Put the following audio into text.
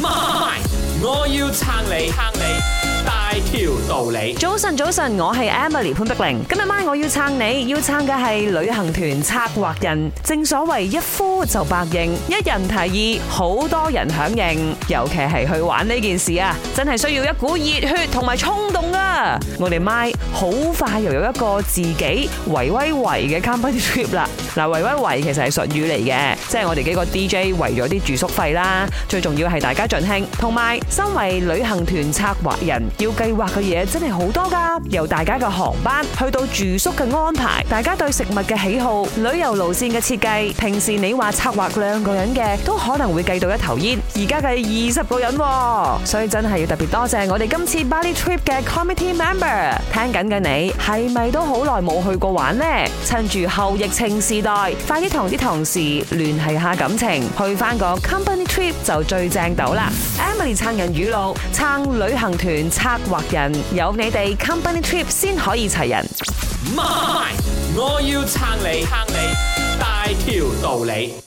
媽咪，我要撐你，撐你。大條道理，早晨早晨，我係 Emily 潘碧玲。今日麥我要撐你，要撐嘅係旅行團策劃人。正所謂一呼就百應，一人提議，好多人響應。尤其係去玩呢件事啊，真係需要一股熱血同埋衝動啊！我哋麥好快又有一個自己維維維嘅 camping trip 啦。嗱，維維維其實係術語嚟嘅，即係我哋幾個 DJ 為咗啲住宿費啦。最重要係大家盡興，同埋身為旅行團策劃人。要計劃嘅嘢，真係好多㗎，由大家嘅航班去到住宿嘅安排，大家對食物嘅喜好、旅遊路線嘅設計，平時你話策劃兩個人嘅都可能會計到一頭煙，而家計二十個人，所以真係要特別多謝我哋今次 buddy trip 嘅 committee member 聽。聽緊嘅你係咪都好耐冇去過玩呢？趁住後疫情時代，快啲同啲同事聯繫下感情，去返個 company。trip 就最正到啦！Emily 撐人語錄，撐旅行團策劃人，有你哋 company trip 先可以齊人。媽咪，我要撐你，撐你，大條道理。